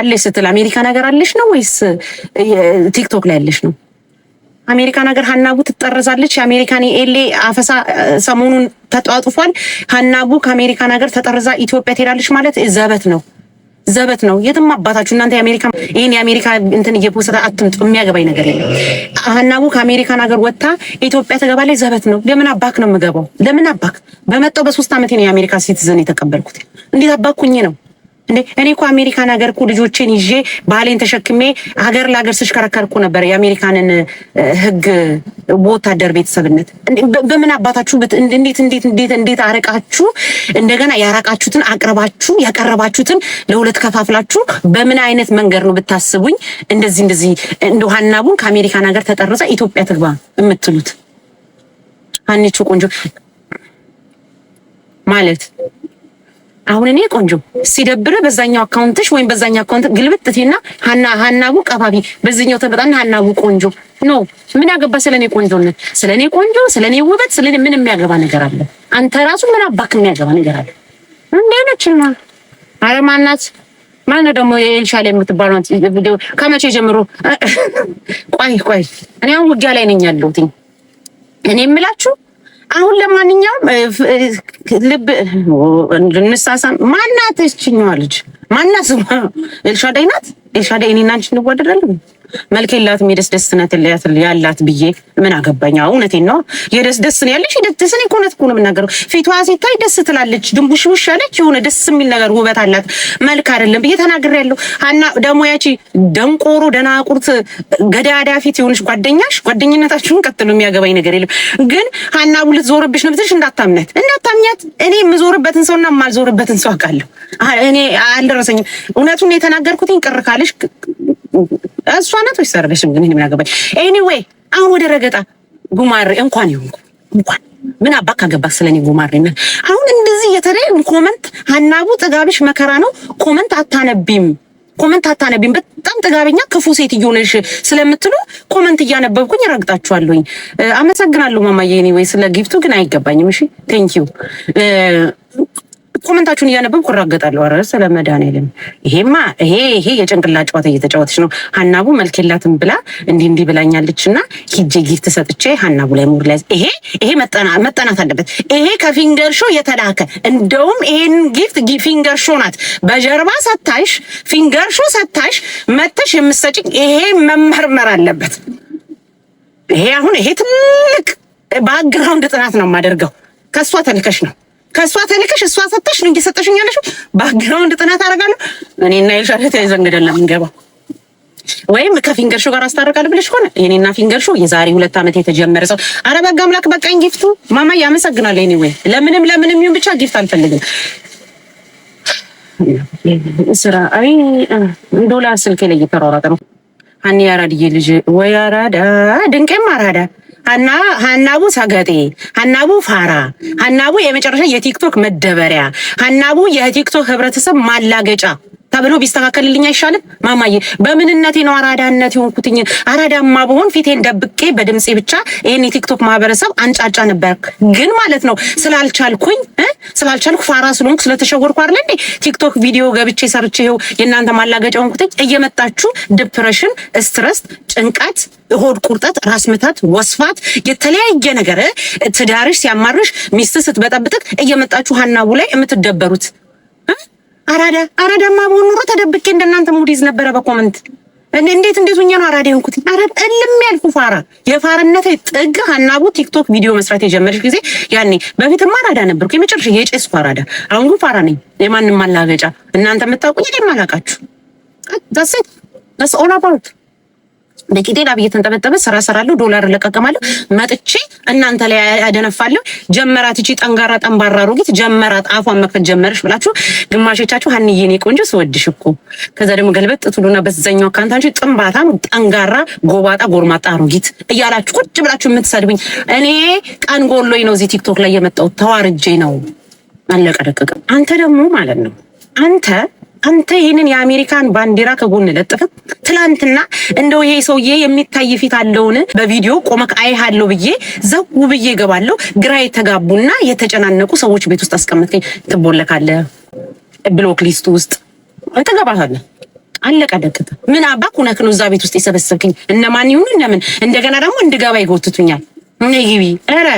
አለሽ ስትል አሜሪካ ነገር አለሽ ነው ወይስ ቲክቶክ ላይ አለሽ ነው? አሜሪካ ነገር ሀናቡ ትጠረዛለች። የአሜሪካን የኤሌ አፈሳ ሰሞኑን ተጧጡፏል። ሀናቡ ከአሜሪካ ነገር ተጠርዛ ኢትዮጵያ ትሄዳለች ማለት ዘበት ነው፣ ዘበት ነው። የትም አባታችሁ እናንተ የአሜሪካ ይህን የአሜሪካ እንትን እየፖሰተ አትምጡ። የሚያገባኝ ነገር የለም። ሀናቡ ከአሜሪካን ሀገር ወጥታ ኢትዮጵያ ትገባለች፣ ዘበት ነው። ለምን አባክ ነው የምገባው? ለምን አባክ በመጣው በሶስት ዓመቴ ነው የአሜሪካ ሲቲዝን የተቀበልኩት። እንዴት አባኩኝ ነው እንዴ እኔ እኮ አሜሪካን ሀገር እኮ ልጆቼን ይዤ ባሌን ተሸክሜ ሀገር ለሀገር ስሽከረከር እኮ ነበር የአሜሪካንን ህግ በወታደር ቤተሰብነት። በምን አባታችሁ እንዴት እንዴት እንዴት እንዴት አረቃችሁ? እንደገና ያረቃችሁትን አቅርባችሁ ያቀረባችሁትን ለሁለት ከፋፍላችሁ በምን አይነት መንገድ ነው ብታስቡኝ እንደዚህ እንደዚህ እንደ ሀናቡን ከአሜሪካን ሀገር ተጠርዛ ኢትዮጵያ ትግባ የምትሉት? አንቺ ቆንጆ ማለት አሁን እኔ ቆንጆ ሲደብረ በዛኛው አካውንትሽ ወይም በዛኛው አካውንት ግልብጥቴና ሀና ሀናቡ ቀባቢ በዚህኛው ተመጣና ሀናቡ ቆንጆ ኖ ምን ያገባ ስለኔ ቆንጆነት፣ ስለኔ ቆንጆ፣ ስለኔ ውበት፣ ስለኔ ምን የሚያገባ ነገር አለ? አንተ ራሱ ምን አባክ የሚያገባ ነገር አለ? እንዴ ነችና አረ ማናት ማን ደግሞ ኤልሻሌ የምትባለው? ቪዲዮ ከመቼ ጀምሮ? ቆይ ቆይ እኔ አሁን ውጊያ ላይ ነኝ ያለሁት። እኔ የምላችሁ አሁን ለማንኛውም ልብ እንድንሳሳም ማናት? ይችኛዋ ልጅ ማናት? ኤልሻዳይ ናት። ኤልሻዳይ እኔና አንቺ እንዋደዳለን። መልክ የላትም የደስ ደስነት ያላት ብዬ ምን አገባኝ? እውነቴን ነው። የደስ ደስ ያለች ደስን ኮነት እኮ ነው የምናገረው። ፊቷ ሲታይ ደስ ትላለች፣ ድንቡሽ ውሽ ያለች የሆነ ደስ የሚል ነገር ውበት አላት። መልክ አይደለም ብዬ ተናግሬያለሁ። ሀና ደግሞ ያቺ ደንቆሮ ደናቁርት ገዳዳ ፊት የሆነች ጓደኛሽ ጓደኝነታችሁን ቀጥሉ፣ የሚያገባኝ ነገር የለም። ግን ሀና ሁለት ዞርብሽ ነው ብትልሽ እንዳታምነት እንዳታምኛት። እኔ የምዞርበትን ሰውና የማልዞርበትን ሰው አውቃለሁ። እኔ አልደረሰኝም። እውነቱን የተናገርኩትኝ ቅር ካለሽ እሷ ህጻናቶች ወይስ ግን ምን አገባኝ። ኤኒዌይ አሁን ወደ ረገጣ ጉማሬ እንኳን ይሁንኩ እንኳን ምን አባ ካገባ ስለኔ ጉማሬና አሁን እንደዚህ የተለየ ኮመንት አናቡ ጥጋብሽ መከራ ነው። ኮመንት አታነቢም ኮመንት አታነቢም በጣም ጥጋበኛ ክፉ ሴትዮ ነሽ ስለምትሉ ኮመንት እያነበብኩኝ ረግጣችኋለሁኝ። አመሰግናለሁ ማማዬ። ኤኒዌይ ስለ ጊፍቱ ግን አይገባኝም። እሺ ቴንኪዩ ኮመንታችሁን እያነበብኩ እራገጣለሁ። ኧረ ስለ መድኃኒዓለም ይሄማ ይሄ ይሄ የጭንቅላ ጨዋታ እየተጫወተች ነው። ሀናቡ መልክ የላትም ብላ እንዲህ እንዲህ ብላኛለች እና ሂጄ ጊፍት ሰጥቼ ሀናቡ ላይ ሙድ ላይ ይሄ ይሄ መጠናት አለበት። ይሄ ከፊንገር ሾ የተላከ እንደውም ይሄን ጊፍት ፊንገር ሾ ናት በጀርባ ሰታሽ፣ ፊንገር ሾ ሰታሽ መተሽ የምትሰጭኝ ይሄ መመርመር አለበት። ይሄ አሁን ይሄ ትልቅ በአግራውንድ ጥናት ነው የማደርገው ከእሷ ተልከሽ ነው ከእሷ ተልከሽ እሷ ሰጠሽ ነው እንጂ ሰጠሽኝ ያለሽው ባክግራውንድ ጥናት አደርጋለሁ እኔና ይልሻል ተያይዘ እንገደለን ምንገባ ወይም ከፊንገርሹ ጋር አስታርቃለሁ ብለሽ ሆነ የኔና ፊንገርሹ የዛሬ ሁለት ዓመት የተጀመረ ሰው። አረ በጋ አምላክ በቃኝ። ጊፍቱ ማማ ያመሰግናል። ኔ ወይ ለምንም ለምንም ይሁን ብቻ ጊፍት አልፈልግም። ስራ አይ እንዶላ ስልክ ላይ እየተሯሯጠ ነው። አኒ አራድዬ ልጅ ወይ አራዳ ድንቄም አራዳ ሀናቡ ሰገጤ፣ ሀናቡ ፋራ፣ ሀናቡ የመጨረሻ የቲክቶክ መደበሪያ፣ ሀናቡ የቲክቶክ ህብረተሰብ ማላገጫ ተብሎ ቢስተካከልልኝ አይሻልም? ማማዬ በምንነቴ ነው አራዳነት የሆንኩትኝ? አራዳማ በሆን ፊቴን ደብቄ በድምፄ ብቻ ይሄን የቲክቶክ ማህበረሰብ አንጫጫ ነበር። ግን ማለት ነው ስላልቻልኩኝ ስላልቻልኩ ፋራ ስለሆንኩ ስለተሸወርኩ አለ እንዴ ቲክቶክ ቪዲዮ ገብቼ ሰርቼ ይኸው የእናንተ ማላገጫ ሆንኩትኝ። እየመጣችሁ ዲፕሬሽን፣ ስትረስ፣ ጭንቀት፣ ሆድ ቁርጠት፣ ራስ ምታት፣ ወስፋት፣ የተለያየ ነገር ትዳርሽ ሲያማርሽ፣ ሚስት ስትበጠብጥት እየመጣችሁ ሀናቡ ላይ የምትደበሩት አራዳ አራዳማ በሆን ኑሮ ተደብቄ እንደናንተ ሙዲዝ ነበረ። በኮመንት እንዴት እንዴት ሆኛ ነው አራዳ የሆንኩት? አራ እልም ያልኩ ፋራ፣ የፋርነት ጥግ ሀናቡ ቲክቶክ ቪዲዮ መስራት የጀመረች ጊዜ ያኔ። በፊትማ አራዳ ነበርኩ፣ የመጨረሻ የጨስኩ አራዳ። አሁን ግን ፋራ ነኝ፣ የማንም ማላገጫ። እናንተ የምታውቁኝ እኔም አላውቃችሁ። ዳሴ ዳስ ኦል አባውት በቂጤ ላብ እየተንጠበጠበ ስራ እሰራለሁ፣ ዶላር እለቃቀማለሁ፣ መጥቼ እናንተ ላይ አደነፋለሁ ጀመራት እቺ ጠንጋራ ጠንባራ ሮጊት ጀመራት፣ አፏን መክፈት ጀመረሽ ብላችሁ ግማሾቻችሁ ሀንዬ ኔ ቆንጆ ስወድሽ እኮ ከዛ ደግሞ ገልበጥ ትሉና በዛኛው አካንታችሁ ጥንባታም ጠንጋራ፣ ጎባጣ፣ ጎርማጣ ሮጊት እያላችሁ ቁጭ ብላችሁ የምትሰድብኝ እኔ ቀን ጎሎኝ ነው እዚህ ቲክቶክ ላይ የመጣው ተዋርጄ ነው። አለቀ አንተ ደግሞ ማለት ነው አንተ አንተ ይህንን የአሜሪካን ባንዲራ ከጎን ለጥፍ። ትላንትና እንደው ይሄ ሰውዬ የሚታይ ፊት አለውን? በቪዲዮ ቆመክ አይሃለሁ ብዬ ዘው ብዬ ገባለሁ። ግራ የተጋቡና የተጨናነቁ ሰዎች ቤት ውስጥ አስቀምጥከኝ፣ ትቦለካለ ብሎክ ሊስት ውስጥ አንተ ገባታለ። አለቀ ደቅጥ። ምን አባክ ሁነክ ነው እዛ ቤት ውስጥ የሰበሰብክኝ? እነማን ይሁኑ እነምን? እንደገና ደግሞ እንድገባ ይጎትቱኛል። ነይ ግቢ። ኧረ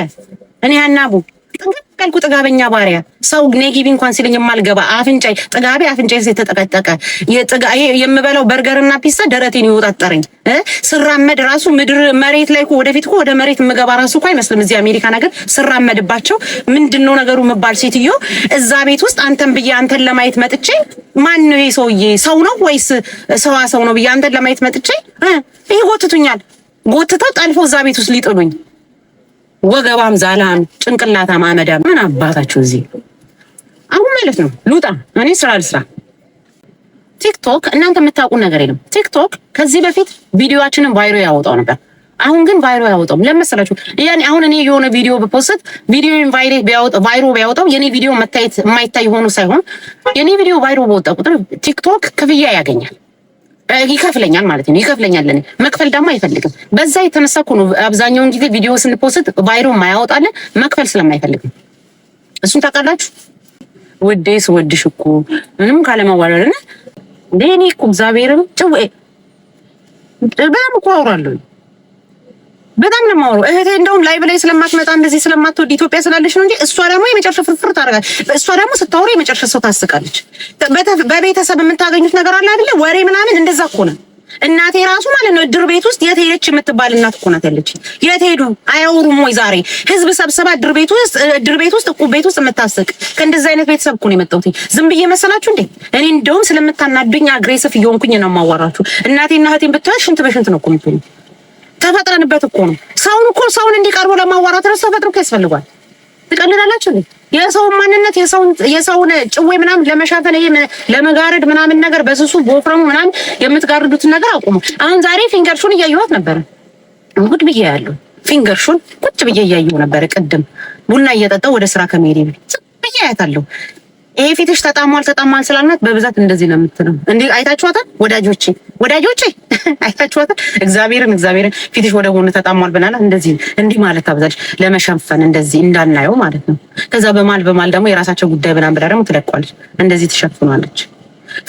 እኔ አናቡ ጥንቅቀልኩ ጥጋበኛ ባሪያ ሰው ኔጊቢ እንኳን ሲልኝ የማልገባ አፍንጫይ ጥጋቤ አፍንጫይ የተጠቀጠቀ የምበላው በርገርና ፒሳ ደረቴን ይወጣጠረኝ። ስራመድ ራሱ ምድር መሬት ላይ ወደፊት ወደ መሬት የምገባ ራሱ እኮ አይመስልም። እዚህ አሜሪካ ነገር ስራመድባቸው ምንድነው ነገሩ የምባል ሴትዮ እዛ ቤት ውስጥ አንተን ብዬ አንተን ለማየት መጥቼ ማን ነው ሰውዬ? ሰው ነው ወይስ ሰዋ ሰው ነው ብዬ አንተን ለማየት መጥቼ ይህ ጎትተው ጠልፈው እዛ ቤት ውስጥ ሊጥሉኝ ወገባም ዛላም ጭንቅላታም አመዳም ምን አባታችሁ እዚህ አሁን ማለት ነው። ልውጣ እኔ ስራ ልስራ። ቲክቶክ እናንተ የምታውቁ ነገር የለም። ቲክቶክ ከዚህ በፊት ቪዲዮችንን ቫይሮ ያወጣው ነበር። አሁን ግን ቫይሮ ያወጣው ለመሰላችሁ ያኔ አሁን እኔ የሆነ ቪዲዮ በፖስት ቪዲዮ ቫይሮ ቢያወጣው ቫይሮ ቢያወጣው የኔ ቪዲዮ መታየት የማይታይ ሆኖ ሳይሆን የኔ ቪዲዮ ቫይሮ በወጣ ቁጥር ቲክቶክ ክፍያ ያገኛል። ይከፍለኛል ማለት ነው። ይከፍለኛል ለኔ መክፈል ደግሞ አይፈልግም። በዛ የተነሳ እኮ ነው አብዛኛውን ጊዜ ቪዲዮ ስንፖስት ቫይሮ ማያወጣለን መክፈል ስለማይፈልግም እሱን ታውቃላችሁ። ውዴ ስወድሽ እኮ ምንም ካለመዋረድ እኔ እኮ እግዚአብሔርም ጭው በጣም እኮ አውራለሁ በጣም ነው የማወራው። እህቴ እንደውም ላይ ላይ ስለማትመጣ እንደዚህ ስለማትወድ ኢትዮጵያ ስላለች ነው እንጂ እሷ ደግሞ የመጨረሻ ፍርፍር ታደርጋለች። እሷ ደግሞ ስታወራ የመጨረሻ ሰው ታስቃለች። በቤተሰብ የምታገኙት ነገር አለ አይደለ? ወሬ ምናምን እንደዛ እኮ ነው። እናቴ ራሱ ማለት ነው እድር ቤት ውስጥ የት ሄደች የምትባል እናት እኮ ናት ያለች። የት ሄዱ አያወሩም ወይ? ዛሬ ህዝብ ሰብሰባ እድር ቤት ውስጥ እድር ቤት ውስጥ እቁብ ቤት ውስጥ የምታስቅ ከእንደዚህ አይነት ቤተሰብ እኮ ነው የመጣሁት። ዝም ብዬ መሰላችሁ እንዴ? እኔ እንደውም ስለምታናዱኝ አግሬሲቭ እየሆንኩኝ ነው የማዋራችሁ። እናቴና እህቴን ብታዩት ሽንት በሽንት ነው እኮ የምትሆኑ ተፈጥረንበት እኮ ነው። ሰውን እኮ ሰውን እንዲቀርቡ ለማዋራት ረስ ተፈጥሮ እኮ ያስፈልጓል። ትቀልዳላችሁ። የሰውን ማንነት የሰውን ጭዌ ምናምን ለመሻፈን ይሄ ለመጋረድ ምናምን ነገር በስሱ በወፍረሙ ምናምን የምትጋርዱትን ነገር አቁሙ። አሁን ዛሬ ፊንገር ሹን እያየኋት ነበረ። ጉድ ብዬ ያሉ ፊንገር ሹን ቁጭ ብዬ እያየሁ ነበረ። ቅድም ቡና እየጠጣሁ ወደ ስራ ከመሄድ ብዬ አያታለሁ ይሄ ፊትሽ ተጣሟል ተጣሟል ስላልናት በብዛት እንደዚህ ነው የምትለው። እንዴ አይታችኋታል? ወዳጆቼ ወዳጆቼ አይታችኋታል? እግዚአብሔርን እግዚአብሔርን ፊትሽ ወደ ጎን ተጣሟል ብናላት እንደዚህ እንዲህ ማለት አብዛሽ ለመሸፈን እንደዚህ እንዳናየው ማለት ነው። ከዛ በማል በማል ደግሞ የራሳቸው ጉዳይ ብናም ብላ ደግሞ ትለቋለች። እንደዚህ ትሸፍኗለች።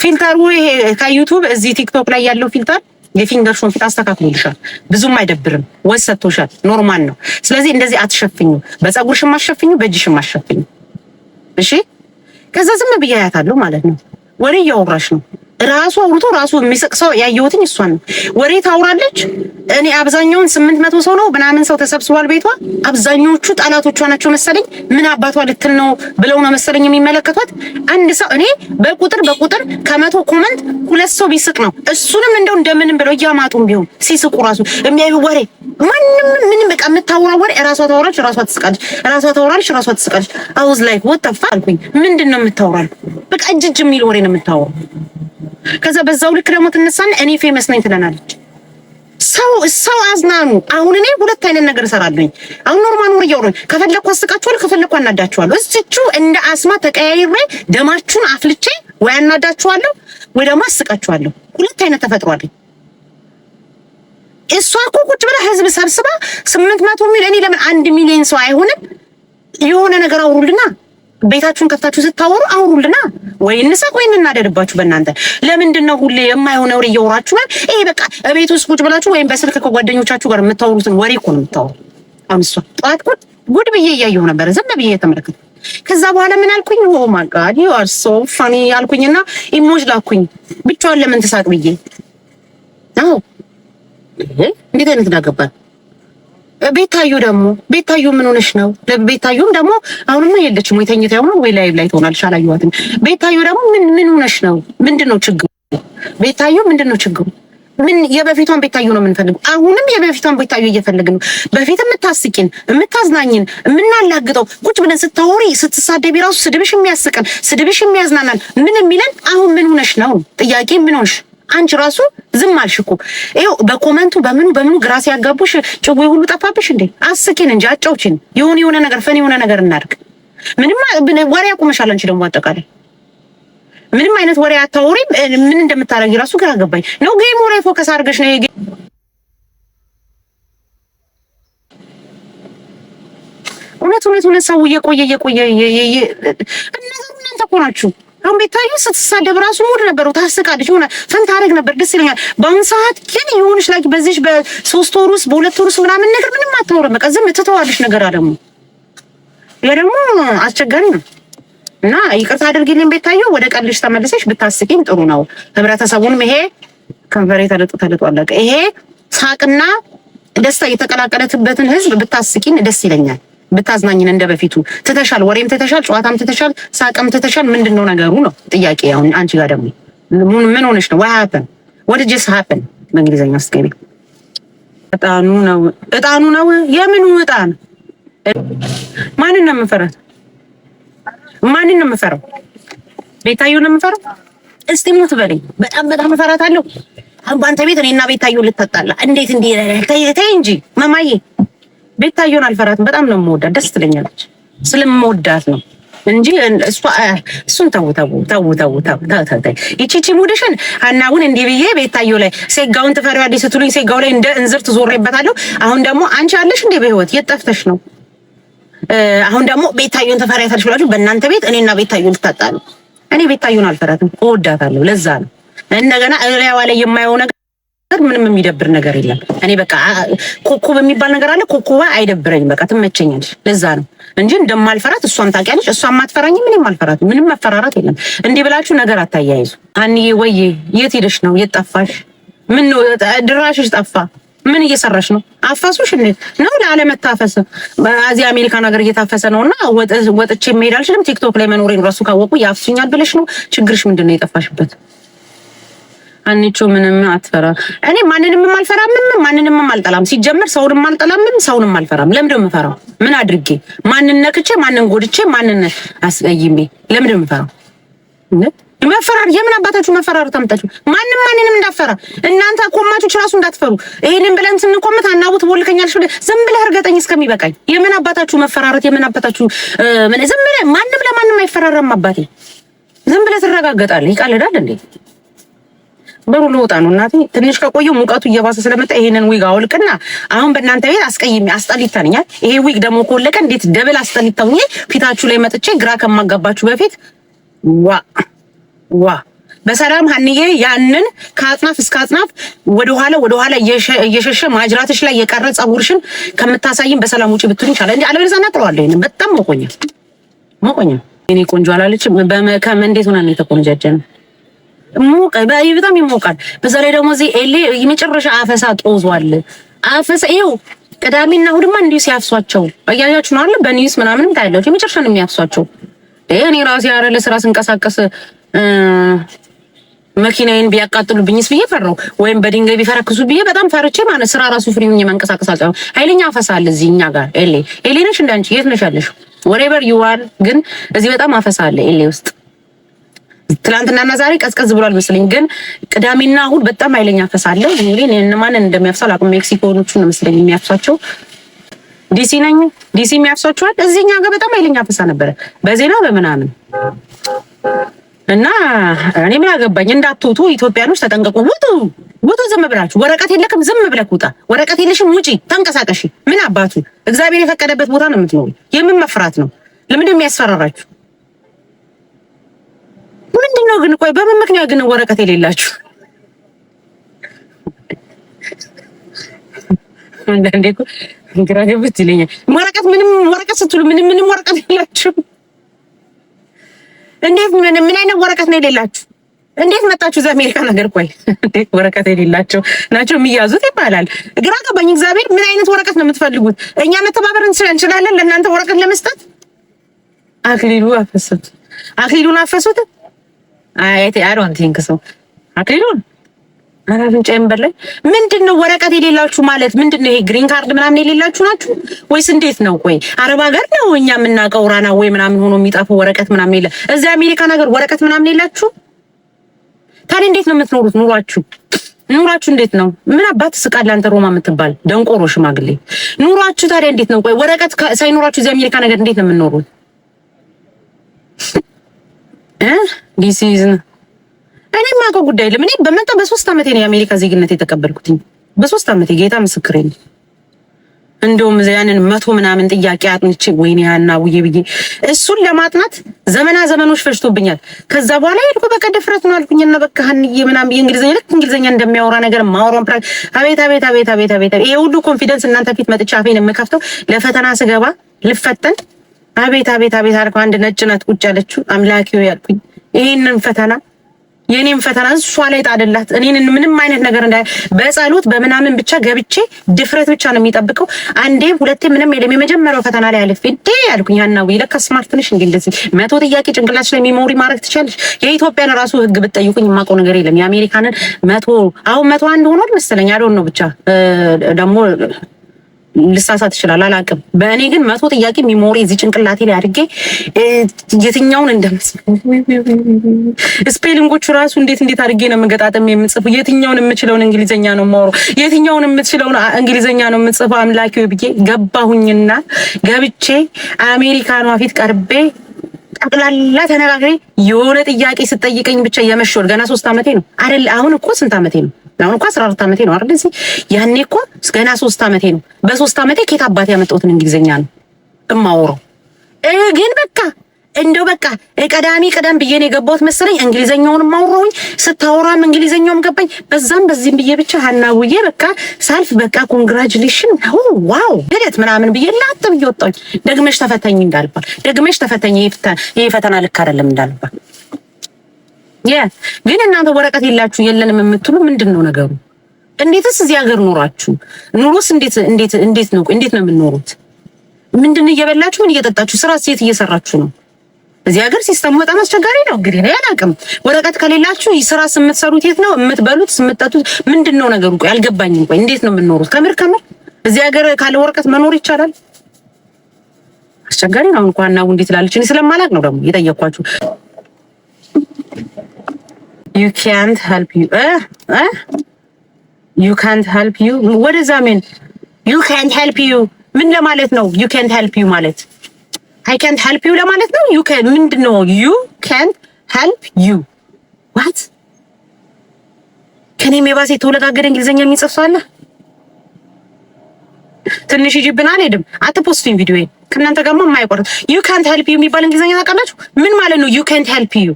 ፊልተሩ ይሄ ከዩቲዩብ እዚህ ቲክቶክ ላይ ያለው ፊልተር የፊንገር ሹን ፊት አስተካክሎልሻል። ብዙም አይደብርም፣ ወዝ ሰጥቶሻል። ኖርማል ነው። ስለዚህ እንደዚህ አትሸፍኙ። በፀጉርሽም አትሸፍኙ፣ በእጅሽም አትሸፍኙ። እሺ ከዛ ዝም ብዬ አያታለሁ ማለት ነው። ወሬ እያወራሽ ነው ራሱ አውርቶ ራሱ የሚስቅ ሰው ያየሁትኝ እሷ ነው። ወሬ ታውራለች። እኔ አብዛኛውን ስምንት መቶ ሰው ነው ምናምን ሰው ተሰብስቧል ቤቷ። አብዛኛዎቹ ጠላቶቿ ናቸው መሰለኝ። ምን አባቷ ልትል ነው ብለው ነው መሰለኝ የሚመለከቷት። አንድ ሰው እኔ በቁጥር በቁጥር ከመቶ ኮመንት ሁለት ሰው ቢስቅ ነው እሱንም እንደው እንደምንም ብለው እያማጡም ቢሆን ሲስቁ ራሱ የሚያዩ ወሬ ማንም ምንም በቃ የምታወራ ወሬ ራሷ ታወራች፣ ራሷ ትስቃለች፣ ራሷ ታወራለች፣ ራሷ ትስቃለች። አውዝ ላይ ወጣፋ አልኩኝ። ምንድን ነው የምታወራል? በቃ እጅጅ የሚል ወሬ ነው የምታወራው ከዛ በዛው ልክ ደግሞ ትነሳና እኔ ፌመስ ነኝ ትለናለች። ሰው ሰው አዝናኑ። አሁን እኔ ሁለት አይነት ነገር እሰራለሁኝ። አሁን ኖርማል ወር እያወራሁኝ ከፈለኩ አስቃችኋለሁ፣ ከፈለኩ አናዳችኋለሁ። እዚቹ እንደ አስማ ተቀያይሬ ደማችሁን አፍልቼ ወይ አናዳችኋለሁ ወይ ደግሞ አስቃችኋለሁ። ሁለት አይነት ተፈጥሯለኝ። እሷ እኮ ቁጭ ብላ ህዝብ ሰብስባ ስምንት መቶ ሚሊዮን እኔ ለምን አንድ ሚሊዮን ሰው አይሆንም? የሆነ ነገር አውሩልና ቤታችሁን ከፍታችሁ ስታወሩ አውሩልና፣ ወይ እንሳቅ ወይ እናደድባችሁ። በእናንተ ለምንድን ነው ሁሌ የማይሆነ ወሬ እያወራችሁ? ይሄ በቃ ቤት ውስጥ ቁጭ ብላችሁ ወይም በስልክ ከጓደኞቻችሁ ጋር የምታወሩትን ወሬ እኮ ነው የምታወሩ። አምስቷ ጠዋት ቁጭ ጉድ ብዬ እያየሁ ነበረ፣ ዝም ብዬ የተመለከትኩ። ከዛ በኋላ ምን አልኩኝ? ኦ ማይ ጋድ ዩ አር ሶ ፋኒ አልኩኝና ኢሞጅ ላኩኝ። ብቻዋን ለምን ትሳቅ ብዬ ነው። እንዴት አይነት ዳገባል ቤታዩ ደግሞ ቤታዩ ምን ሆነሽ ነው? ቤታዩም ደግሞ አሁንማ የለችም ወይ ተኝታ ይሆናል ወይ ላይ ላይ ትሆናለች፣ አላየኋትም። ቤታዩ ደግሞ ምን ምን ሆነሽ ነው? ምንድነው ችግሩ? ቤታዩ ምንድነው ችግሩ? ምን የበፊቷን ቤታዩ ነው የምንፈልገው። አሁንም የበፊቷን ቤታዩ እየፈለግን ነው። በፊት የምታስቂን፣ የምታዝናኝን፣ የምናላግጠው ቁጭ ብለን ስታወሪ ስትሳደቢ ራሱ ስድብሽ የሚያስቀን ስድብሽ የሚያዝናናል ምን የሚለን አሁን ምን ሆነሽ ነው? ጥያቄ ምን ሆንሽ አንቺ ራሱ ዝም አልሽኩ። ይኸው በኮመንቱ በምኑ በምኑ ግራ ሲያጋቡሽ ጭዌ ሁሉ ጠፋብሽ እንዴ? አስኪን እንጂ አጫውችን። የሆነ የሆነ ነገር ፈን የሆነ ነገር እናድርግ። ምንም ወሬ ያቁመሻል። አንቺ ደግሞ አጠቃላይ ምንም አይነት ወሬ አታወሪም። ምን እንደምታደርጊ ራሱ ግራ ገባኝ። ነው ጌም ወሬ ፎከስ አድርገሽ ነው ይሄ እውነት እውነት እውነት ሰው እየቆየ እየቆየ እናንተ እኮ ናችሁ አሁን ቤታዬ ስትሳደብ ራሱ ሙድ ነበረው። ታስቃለች፣ ሆነ ፈን ታደርግ ነበር፣ ደስ ይለኛል። በአሁን ሰዓት ግን የሆነች ላይ በዚህ በሶስት ወር ውስጥ በሁለት ወር ውስጥ ምናምን ነገር ምንም አታወራም። በቃ ዝም ትተዋለች። ነገር ደግሞ ይሄ ደግሞ አስቸጋሪ ነው እና ይቅርታ አድርግልኝ ቤታዬ። ወደ ቀልሽ ተመልሰሽ ብታስቂኝ ጥሩ ነው። ህብረተሰቡንም ይሄ ከንፈሬ ተለጥ ተለጥ አለቀ። ይሄ ሳቅና ደስታ የተቀላቀለትበትን ህዝብ ብታስቂኝ ደስ ይለኛል። ብታዝናኝን እንደ በፊቱ ትተሻል፣ ወሬም ትተሻል፣ ጨዋታም ትተሻል፣ ሳቅም ትተሻል። ምንድነው ነገሩ ነው ጥያቄ። አሁን አንቺ ጋር ደግሞ ምን ሆነሽ ነው? ሀፕን ወደ ጀስ ሀፕን በእንግሊዝኛ ስትገቢ እጣኑ ነው እጣኑ ነው። የምኑ እጣን? ማንን ነው የምፈራት? ማንን ነው የምፈራው? ቤታዩ ነው የምፈራው። እስቲ ሞት በለኝ። በጣም በጣም እፈራታለሁ። በአንተ ቤት እኔና ቤታዩ ልታጣላ እንዴት እንዲህ ተይ እንጂ መማዬ ቤታየውን አልፈራትም። በጣም ነው የምወዳት፣ ደስ ትለኛለች። ስለምወዳት ነው እንጂ እሱን ተው ተው ተው ተው ተው ተው። ይቺቺ ሙድሽን አናውን እንዲህ ብዬ ቤታየው ላይ ሴጋውን ትፈሪዋለሽ ስትሉኝ ሴጋው ላይ እንደ እንዝርት ዞሬበታለሁ። አሁን ደግሞ አንቺ አለሽ እንዴ በህይወት የጠፍተሽ ነው? አሁን ደግሞ ቤታየውን ትፈሪያታለሽ ብላችሁ በእናንተ ቤት እኔና ቤታየውን ልታጣሉ። እኔ ቤታየውን አልፈራትም፣ እወዳታለሁ። ለዛ ነው እንደገና እሪያዋ ላይ የማየው ነገር ምንም የሚደብር ነገር የለም። እኔ በቃ ኮኮብ የሚባል ነገር አለ። ኮኮባ አይደብረኝም። በቃ ትመቸኛል። ለዛ ነው እንጂ እንደማልፈራት እሷም ታውቂያለሽ። እሷም ማትፈራኝ ምንም አልፈራት። ምንም መፈራራት የለም። እንዲህ ብላችሁ ነገር አታያይዙ። አንዬ ወዬ፣ የት ሄደሽ ነው? የት ጠፋሽ? ምን ነው ድራሽሽ ጠፋ? ምን እየሰራሽ ነው? አፈሱሽ እንዴት ነው? ለአለመታፈስ እዚህ አሜሪካን ሀገር እየታፈሰ ነውና ወጥቼ መሄድ አልችልም። ቲክቶክ ላይ መኖሬን ራሱ ካወቁ ያፍሱኛል ብለሽ ነው? ችግርሽ ምንድን ነው የጠፋሽበት? አንቺ ምንም አትፈራ። እኔ ማንንም አልፈራምም፣ ማንንም አልጠላም። ሲጀምር ሰውንም አልጠላምም፣ ሰውንም አልፈራም። ለምንድን ነው የምፈራው? ምን አድርጌ? ማንን ነክቼ? ማንን ጎድቼ? ማንን አስቀይሜ? ለምንድን ነው የምፈራው? መፈራር የምን አባታችሁ መፈራሩ ታምጣችሁ? ማንም ማንንም እንዳፈራ እናንተ ኮማቾች ራሱ እንዳትፈሩ። ይሄንን ብለን ስንቆምት አናቡ ትቦልከኛለሽ ብለህ ዝም ብለህ እርገጠኝ እስከሚበቃኝ። የምን አባታችሁ መፈራረት? የምን አባታችሁ ምን? ዝም ብለህ ማንም ለማንም አይፈራረም። አባቴ ዝም ብለህ ትረጋገጣለህ። ይቃልዳል እንዴ? በሩ ልወጣ ነው እናቴ። ትንሽ ከቆየው ሙቀቱ እየባሰ ስለመጣ ይሄንን ዊግ አውልቅና አሁን በእናንተ ቤት አስቀይሜ አስጠሊታ ነኝ። ይሄ ዊግ ደግሞ ከወለቀ እንዴት ደብል አስጠሊታ ሁኜ ፊታችሁ ላይ መጥቼ ግራ ከማጋባችሁ በፊት ዋ ዋ በሰላም ሀንዬ ያንን ከአጽናፍ እስከ አጽናፍ ወደኋላ ወደኋላ እየሸሸ ማጅራትሽ ላይ የቀረ ጸጉርሽን ከምታሳይም በሰላም ውጭ ብትሉ ይቻላል እንጂ አለበለዚያ እናቅለዋለሁ። ይሄንን በጣም መቆኛ መቆኛ እኔ ቆንጆ አላለችም። በመከም እንዴት ሆና ነው የተቆነጃጀነው? ሞቀ፣ በጣም ይሞቃል። በዛ ላይ ደግሞ እዚህ ኤሌ የመጨረሻ አፈሳ ጦዟል። አፈሳ ይው ቅዳሜና እሑድማ እንዲሁ ሲያፍሷቸው አያያችሁ ነው አለ በኒውስ ምናምንም ታያላችሁ። የመጨረሻ ነው የሚያፍሷቸው። እኔ ራሴ ኧረ ለስራ ስንቀሳቀስ መኪናዬን ቢያቃጥሉብኝስ ብዬ ፈራው፣ ወይም በድንጋይ ቢፈረክሱ ብዬ በጣም ፈርቼ ማለት ስራ ራሱ ፍሪ ሆኜ መንቀሳቀስ ኃይለኛ አፈሳ አለ እዚህ እኛ ጋር ኤሌ ኤሌ ነሽ እንዳንቺ የት ነሽ ያለሽ ወሬቨር ዩ አር ግን እዚህ በጣም አፈሳ አለ ኤሌ ውስጥ ትላንትናና ዛሬ ቀዝቀዝ ብሏል መስለኝ፣ ግን ቅዳሜና እሑድ በጣም ኃይለኛ ፈሳለሁ። እንግዲህ እንግዲህ ማንን እንደሚያፍሳል አቁም። ሜክሲኮኖቹ ነው መስለኝ የሚያፍሳቸው። ዲሲ ነኝ፣ ዲሲ የሚያፍሳቸዋል። እዚህኛ ጋር በጣም ኃይለኛ ፈሳ ነበረ በዜና በምናምን እና እኔ ምን አገባኝ። እንዳትወጡ ኢትዮጵያኖች ተጠንቀቁ። ውጡ ውጡ፣ ዝም ብላችሁ ወረቀት የለክም፣ ዝም ብለህ ውጣ። ወረቀት የለሽም፣ ውጪ፣ ተንቀሳቀሺ። ምን አባቱ እግዚአብሔር የፈቀደበት ቦታ ነው የምትኖሩ። የምን መፍራት ነው? ለምንድን የሚያስፈራራችሁ? ምንድን ነው ግን? ቆይ በምን ምክንያት ግን ወረቀት የሌላችሁ? አንዳንዴ ግራ ገብት ይለኛል። ወረቀት ምንም ወረቀት ስትሉ ምንም ምንም ወረቀት የላችሁ። እንዴት ምን ምን አይነት ወረቀት ነው የሌላችሁ? እንዴት መጣችሁ እዛ አሜሪካ ነገር? ቆይ እንዴት ወረቀት የሌላቸው ናቸው የሚያዙት ይባላል። ግራ ገባኝ። እግዚአብሔር ምን አይነት ወረቀት ነው የምትፈልጉት? እኛ መተባበር እንችላለን ለእናንተ ወረቀት ለመስጠት። አክሊሉ አፈሰት፣ አክሊሉን አፈሱት። አይ ዶንት ቲንክ ሶ አክሊሉን አራፍን ጨምበር ላይ ምንድነው ወረቀት የሌላችሁ ማለት ምንድነው? ይሄ ግሪን ካርድ ምናምን የሌላችሁ ናችሁ ወይስ እንዴት ነው? ቆይ አረብ ሀገር ነው እኛ የምናውቀው ራና ወይ ምናምን ሆኖ የሚጣፈው ወረቀት ምናምን የለ። እዚያ አሜሪካን ሀገር ወረቀት ምናምን የላችሁ። ታዲያ እንዴት ነው የምትኖሩት? ኑሯችሁ ኑሯችሁ እንዴት ነው? ምን አባት ስቃል አንተ ሮማ የምትባል ደንቆሮ ሽማግሌ ኑሯችሁ ታዲያ እንዴት ነው? ቆይ ወረቀት ሳይኖራችሁ እዚያ አሜሪካን ሀገር እንዴት ነው የምትኖሩት? ዲሲዝ ነው። እኔ የማውቀው ጉዳይ የለም። እኔ በመጣ በሶስት ዓመቴ ነው የአሜሪካ ዜግነት የተቀበልኩትኝ። በሶስት ዓመቴ ጌታ ምስክሬ እንደውም ያንን መቶ ምናምን ጥያቄ አጥንቼ ወይኔ ያና ውዬ ብዬ እሱን ለማጥናት ዘመና ዘመኖች ፈጅቶብኛል። ከዛ በኋላ ሄድኩ በቃ ድፍረት ነው አልኩኝ በቃ ሀንዬ ምናምን እንግሊዝኛ ልክ እንግሊዝኛ እንደሚያወራ ነገር ማውራን ፕራ አቤት አቤት አቤት አቤት አቤት ይሄ ሁሉ ኮንፊደንስ እናንተ ፊት መጥቻ አፌን የምከፍተው ለፈተና ስገባ ልፈተን አቤት አቤት አቤት አልኩ። አንድ ነጭ ናት ቁጭ ያለችው አምላኪው ያልኩኝ። ይሄንን ፈተና የኔም ፈተና እሷ ላይ ጣልላት። እኔን ምንም አይነት ነገር እንዳይ በጸሎት በምናምን ብቻ ገብቼ ድፍረት ብቻ ነው የሚጠብቀው። አንዴ ሁለቴ ምንም የለም። የመጀመሪያው ፈተና ላይ አለፍ እንዴ ያልኩኝ። ያናው ለካ ስማርት ነሽ እንዴ! እንደዚህ መቶ ጥያቄ ጭንቅላት ላይ ሚሞሪ ማድረግ ትችላለሽ። የኢትዮጵያን ራሱ ህግ ብትጠይቁኝ የማውቀው ነገር የለም። የአሜሪካንን መቶ አሁን መቶ አንድ ሆኗል መሰለኝ። ያልሆን ነው ብቻ ደግሞ ልሳሳት ይችላል፣ አላቅም። በእኔ ግን መቶ ጥያቄ ሚሞሪ እዚህ ጭንቅላቴ ላይ አድርጌ የትኛውን እንደምጽፍ ስፔሊንጎቹ ራሱ እንዴት እንዴት አድርጌ ነው የምገጣጠም የምጽፉ የትኛውን የምችለውን እንግሊዝኛ ነው የማወራው የትኛውን የምችለውን እንግሊዝኛ ነው የምጽፉ አምላኪ ብዬ ገባሁኝና ገብቼ አሜሪካኗ ፊት ቀርቤ ጠቅላላ ተነጋግሬ የሆነ ጥያቄ ስጠይቀኝ ብቻ የመሸወድ ገና ሶስት አመቴ ነው አይደል? አሁን እኮ ስንት አመቴ ነው? አሁን እኮ አስራ አራት ዓመቴ ነው አይደል? እዚህ ያኔ እኮ ገና ሶስት ዓመቴ ነው። በሶስት ዓመቴ ኬት አባቴ ያመጣሁትን እንግሊዝኛ ነው እማወራው። ግን በቃ እንደው በቃ ቀዳሚ ቀደም ብዬ ነው የገባሁት መሰለኝ። እንግሊዘኛውን ማውራሁኝ ስታወራም እንግሊዘኛውም ገባኝ። በዛም በዚህም ብዬ ብቻ ሀናውዬ በቃ ሳልፍ በቃ ኮንግራጁሌሽን ዋው ሂደት ምናምን ብዬ ላጥ ብዬ ወጣሁኝ። ደግመሽ ተፈተኝ እንዳልባል ደግመሽ ተፈተኝ፣ ይሄ ፈተና ልክ አይደለም እንዳልባል ግን እናንተ ወረቀት የላችሁ የለንም የምትሉ ምንድን ነው ነገሩ? እንዴትስ እዚህ ሀገር ኖራችሁ ኑሮስ እንዴት እንዴት እንዴት ነው እንዴት ነው የምንኖሩት? ምንድን እየበላችሁ ምን እየጠጣችሁ ስራ ሴት እየሰራችሁ ነው? እዚህ ሀገር ሲስተሙ በጣም አስቸጋሪ ነው። እንግዲህ ነው ያላቅም ወረቀት ከሌላችሁ ስራ ስምትሰሩት የት ነው የምትበሉት ስምትጠጡት? ምንድን ነው ነገሩ? ቆይ አልገባኝም። ቆይ እንዴት ነው የምንኖሩት? ከምር ከምር እዚህ ሀገር ካለ ወረቀት መኖር ይቻላል? አስቸጋሪ ነው። እንኳን አሁን እንዴት ላለች እኔ ስለማላቅ ነው ደግሞ የጠየኳችሁ። ዩ ካንት ሄልፕ ዩ ዩ ካንት ሄልፕ ዩ ወደዛ ሜን ዩ ካንት ሄልፕ ዩ ምን ለማለት ነው? ዩ ካንት ሄልፕ ዩ ማለት አይ ካንት ሄልፕ ዩ ለማለት ነው። ዩ ካን ምንድን ነው? ዩ ካንት ሄልፕ ዩ ዋት ከኔም የባሰ የተወለጋገደ እንግሊዝኛ የሚጽፍ ሰው አለ። ትንሽ ይጅብን አልሄድም። አትፖስቱኝ ቪዲዮ ከእናንተ ጋርማ የማይቆርጥ ዩ ካንት ሄልፕ ዩ የሚባል እንግሊዘኛ ታውቃላችሁ? ምን ማለት ነው? ዩ ካንት ሄልፕ ዩ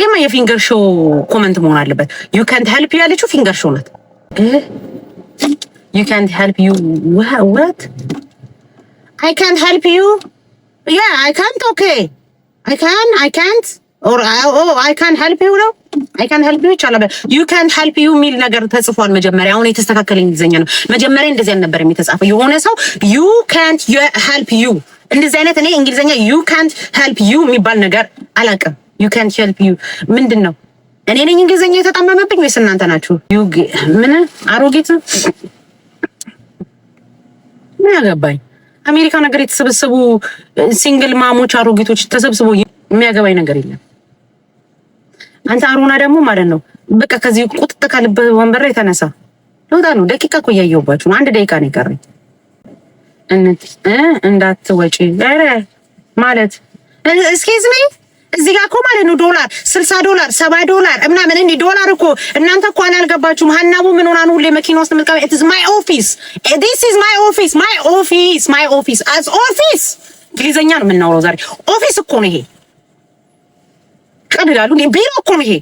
ይህማ የፊንገር ሾ ኮመንት መሆን አለበት። ዩ ካንት ሄልፕ ዩ ያለችው ፊንገር ሾ ናት። ዩ ካንት ሄልፕ ዩ ወት አይ ካንት ሄልፕ ዩ ያ አይ ካንት ኦኬ አይ ካን አይ ካንት ኦር አይ ካን ሄልፕ ዩ ነው አይ ካን ሄልፕ ዩ ይቻላል። ዩ ካን ሄልፕ ዩ የሚል ነገር ተጽፏል መጀመሪያ። አሁን የተስተካከለ እንግሊዝኛ ነው። መጀመሪያ እንደዚህ አልነበረም የተጻፈው። የሆነ ሰው ዩ ካንት ሄልፕ ዩ እንደዚህ አይነት እኔ እንግሊዝኛ ዩ ካንት ሄልፕ ዩ የሚባል ነገር አላውቅም። ዩ ካን ሄልፕ ዩ ምንድን ነው? እኔ ነኝ እንግሊዝኛ የተጣመመብኝ ወይስ እናንተ ናችሁ? ምን አሮጌት ምን ያገባኝ? አሜሪካ ነገር የተሰበሰቡ ሲንግል ማሞች አሮጌቶች ተሰብስቦ የሚያገባኝ ነገር የለም። አንተ አሮና ደግሞ ማለት ነው በቃ ከዚህ ቁጥጥ ካልብህ ወንበር የተነሳ ለውጣ ነው። ደቂቃ እኮ እያየሁባችሁ አንድ ደቂቃ ነው የቀረኝ። እንዳትወጪ ማለት እስኪዝ ሚ እዚህ ጋር እኮ ማለት ነው ዶላር 60 ዶላር 70 ዶላር ምናምን እንደ ዶላር እኮ እናንተ እኮ አላልገባችሁም። ሀናቡ ምን ሆና ነው ሁሌ መኪና ውስጥ የምትቀመ? ኢት ኢዝ ማይ ኦፊስ ዲስ ኢዝ ማይ ኦፊስ ማይ ኦፊስ ማይ ኦፊስ አዝ ኦፊስ እንግሊዘኛ ነው የምናውረው ዛሬ። ኦፊስ እኮ ነው ይሄ። ቀድላሉ ቢሮ እኮ ነው ይሄ።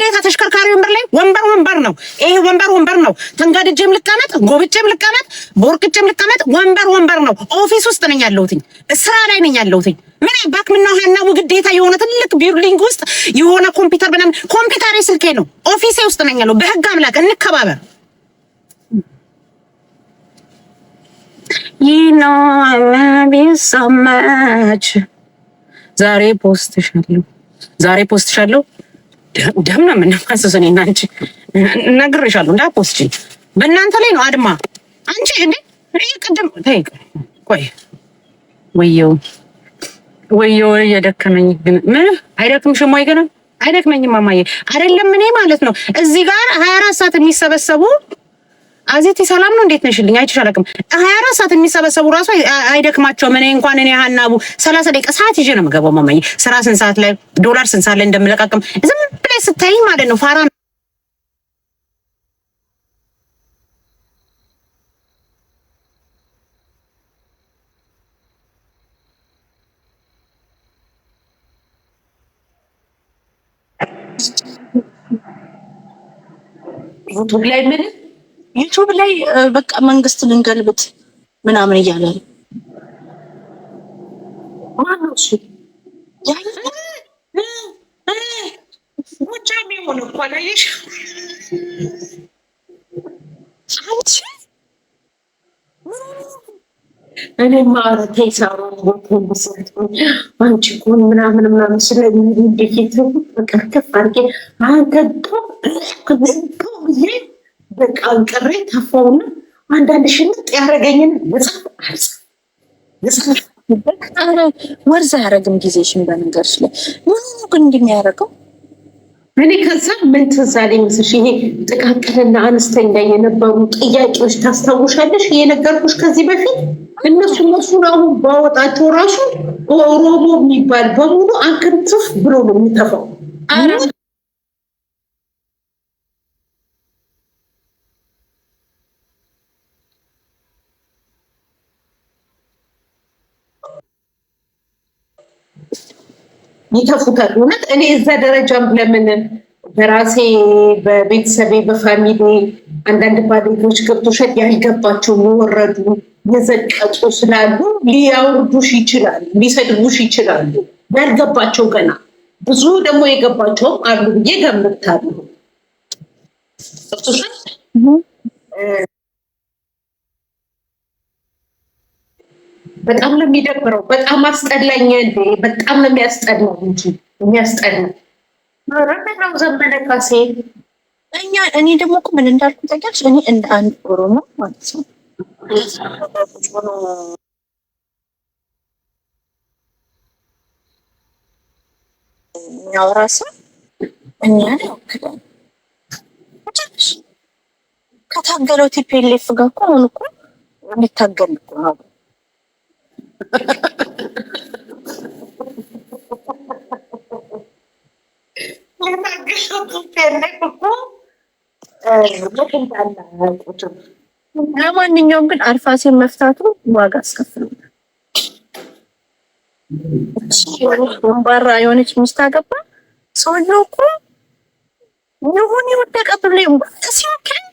ግዴታ ተሽከርካሪ ወንበር ላይ ወንበር ወንበር ነው። ይሄ ወንበር ወንበር ነው። ተንጋድጄም ልቀመጥ፣ ጎብጬም ልቀመጥ፣ በወርቅጬም ልቀመጥ ወንበር ወንበር ነው። ኦፊስ ውስጥ ነኝ ያለሁትኝ፣ ስራ ላይ ነኝ ያለሁትኝ። ምን አባክ ምን ነው ሀናቡ ግዴታ የሆነ ትልቅ ቢልዲንግ ውስጥ የሆነ ኮምፒውተር ምናምን፣ ኮምፒውተር ስልኬ ነው። ኦፊሴ ውስጥ ነኝ ያለው። በህግ አምላክ እንከባበር። You know I love you so much ዛሬ ፖስትሻለሁ ዛሬ ፖስትሻለሁ ደም ነው የምንፋሰሰው። እኔና አንቺ ነግሬሻለሁ፣ እንዳትወስጂ። በእናንተ ላይ ነው አድማ። አንቺ እንዴ ቅድም ተይ፣ ቆይ ወየው ወየው እየደከመኝ ግን ምን አይደክምሽም ወይ? ገና አይደክመኝም ማማዬ፣ አይደለም እኔ ማለት ነው እዚህ ጋር ሀያ አራት ሰዓት የሚሰበሰቡ አዜቴ ሰላም ነው? እንዴት ነሽልኝ? አይቼሽ አላውቅም። ሀያ አራት ሰዓት የሚሰበሰቡ ራሱ አይደክማቸውም። እኔ እንኳን እኔ ሀናቡ ሰላሳ ደቂቃ ሰዓት ይዤ ነው የምገባው። ማማዬ ስራ ስንት ሰዓት ላይ ዶላር ስንት ሰዓት ላይ እንደምለቃቅም ዝም ብለሽ ስታይ ማለት ነው ፋራ ላይ ምንም ዩቱብ ላይ በቃ መንግስት ልንገልብት ምናምን እያለ ነው። ጎጃም የሆነ እኮ አላየሽ? አንቺ ምናምን ምናምን ስለሚሄድ ቤት በቃ ከፍ አድርጌ አንተ በቃ እንቅሬ ተፋውና አንዳንድ ሽምጥ ያደረገኝን መጽሐፍ አልጽፍ መጽሐፍ ወርዝ አያደርግም ጊዜሽን በነገርሽ ላይ ምኑ ግን እንደሚያደርገው እኔ ከዛ ምን ትዝ አለኝ ምስልሽ፣ ይሄ ጥቃቅንና አነስተኛ የነበሩ ጥያቄዎች ታስታውሻለሽ? የነገርኩሽ ከዚህ በፊት እነሱ እነሱን አሁን ባወጣቸው ራሱ ኦሮሞ የሚባል በሙሉ አንክንትፍ ብሎ ነው የሚተፋው። ይተፉታል። እውነት እኔ እዛ ደረጃም ለምን በራሴ በቤተሰቤ በፋሚሊ አንዳንድ ባለቤቶች ገብቶ ያልገባቸው የወረዱ የዘቀጡ ስላሉ ሊያውርዱሽ ይችላሉ፣ ሊሰድቡሽ ይችላሉ። ያልገባቸው ገና ብዙ ደግሞ የገባቸውም አሉ ብዬ ገምታለሁ። በጣም ነው የሚደብረው። በጣም አስጠላኝ። በጣም ነው የሚያስጠላው እንጂ የሚያስጠላ ረመናው ዘመነ ካሴ። እኛ እኔ ደግሞ እኮ ምን እንዳልኩ ጠቂያች እኔ እንደ አንድ ኦሮሞ ማለት ነው የሚያወራ ሰው እኛ ነው ከታገለው ቲፒኤልኤፍ ጋር እኮ አሁን እኮ የሚታገል ነው ለማንኛውም ግን አርፋሴን መፍታቱ ዋጋ አስከፍሏል። ወንባራ የሆነች ሚስት አገባ። ሰውዬው እኮ ይሁን ይወደቀ ብሎ ሲወከል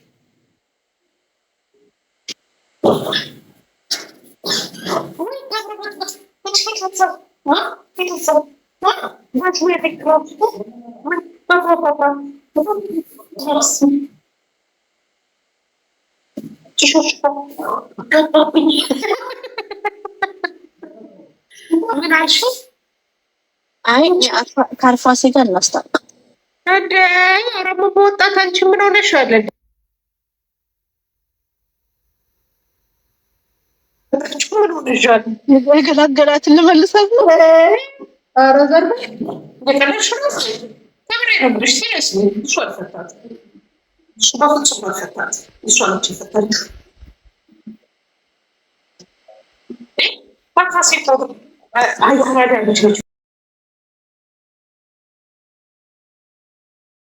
ከአርፋሴ ጋር ሴጋ እናስታቅ እንደ ኧረ በወጣት አንቺ ምን ሆነሻል? ገላገላትን ልመልሳት ነው። ኧረ ዘርበ የፈለግሽ እራሱ ተምሬ ነው ብለሽ ሲሪየስ ነኝ። እሱ አልፈታት፣ እሱ በፍጹም አልፈታት። እሱ አለች የፈታችሁ ታካሴ አራዳ ልጅ ነች።